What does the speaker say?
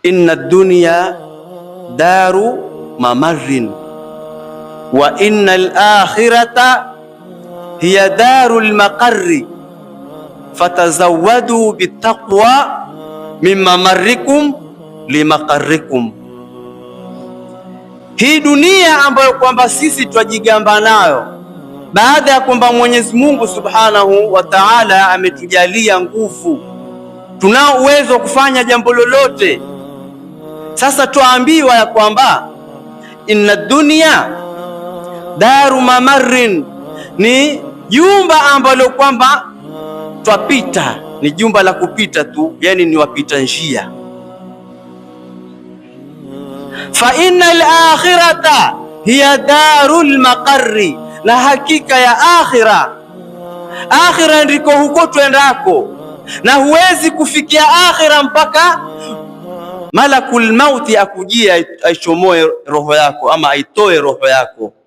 inna dunya daru mamarrin wa inna al-akhirata hiya daru al-maqarri fatazawwadu bittaqwa min mamarrikum limaqarrikum. Hii dunia ambayo kwamba sisi twajigamba nayo baada ya kwamba Mwenyezi Mungu Subhanahu wa Ta'ala ametujalia nguvu, tunao uwezo wa kufanya jambo lolote sasa twaambiwa ya kwamba inna dunia daru mamarin, ni jumba ambalo kwamba twapita, ni jumba la kupita tu, yani ni wapita njia. Fa al akhirata hiya darul maqarri, na hakika ya akhira, akhira ndiko huko twendako, na huwezi kufikia akhira mpaka malakul mauti akujia aichomoe roho yako ama aitoe roho yako